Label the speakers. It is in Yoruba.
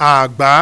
Speaker 1: àgbá